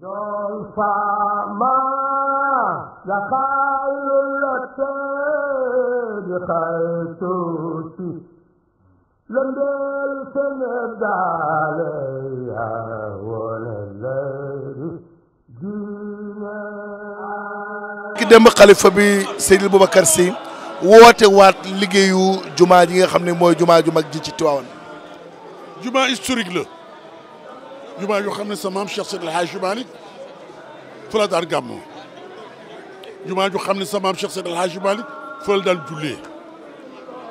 زلفما لخيلت بخيتوسي لم يلسند عليها ولا ki démb xalifa bi Seydil Boubacar Sy woote waat liggéeyu jumaa ji nga xam ne mooy jumaa ju mag ji ci Tiwaawan jumaa historique la jumaa yoo xam ne sa maam Cheikh Seydil Hadji Malick fa la daan gàmmoo jumaa joo xam ne sa maam Cheikh Seydil Hadji Malick fa la daan jullee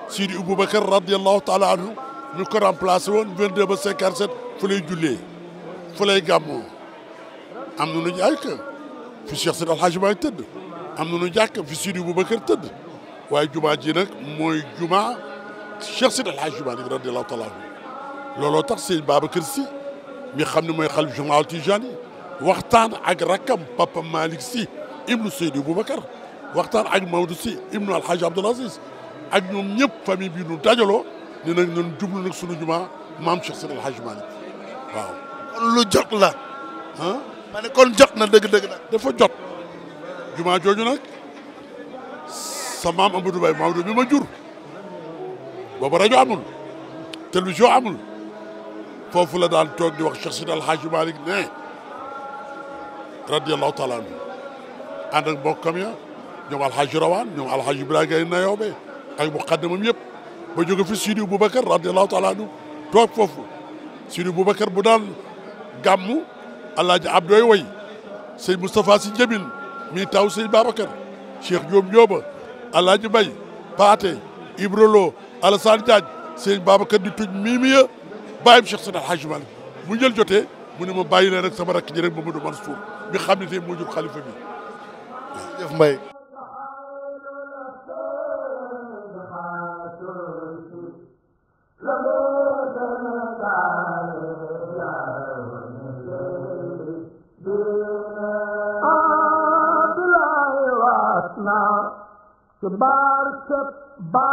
Sidi Aboubacar radiyallahu taala anhu ñu ko remplacé woon 22 ba 57 fa lay jullee fa lay gàmmoo am na ñu ay ka fi Cheikh Seydil Hadji Malick tëdd am na ñu jàkk fi Sidi Aboubacar tëdd waaye jumaa ji nag mooy jumaa Cheikh Seydil Hadji Malick radiyallahu taala anhu looloo tax Sëñ Babacar Sy mi xam ne mooy xalif général Tijani waxtaan ak rakkam papa Malick Sy ibnu Seydou Boubacar waxtaan ak Mamadou Sy ibnu Alhaji Abdoul Aziz ak ñoom ñëpp famille bi ñu dajaloo ne nag ñun jublu nag sunu jumaa maam Cheikh Seydi Alhaji Malick waaw. kon lu jot la. ah ma ne kon jot na dëgg-dëgg nag. dafa jot jumaa jooju nag sa maam Amadou Baye Mamadou bi ma jur booba rajo amul télévision amul. foofu la daan toog di wax Cheikh Sidi Alhaji Malick ne radiyallahu taala anhu ànd ak ya ñoom Alhaji Rawaan ñoom Alhaji Ibrahima Gaye Nayoobe ak muqaddamam yëpp ba jóge fi Sidi Boubacar radiyallahu taala toog foofu Sidi Boubacar bu daan gàmmu Alhaji Abdoy way sëñ Moustapha Sy Djamil mi taw sëñ Babacar Cheikh Diom Dioba Alhaji Mbaye Paate Ibrolo Alassane Diagne sëñ Babacar di tuj miimiya bàyyam Cheikh Seydi El Hadji Malick bu njël jotee mu ne ma bàyyi leen rek sama rakk ji rek Mamadou Mansour mi xam ne tey moo jur xalifa bi jëf Mbaye Goodbye.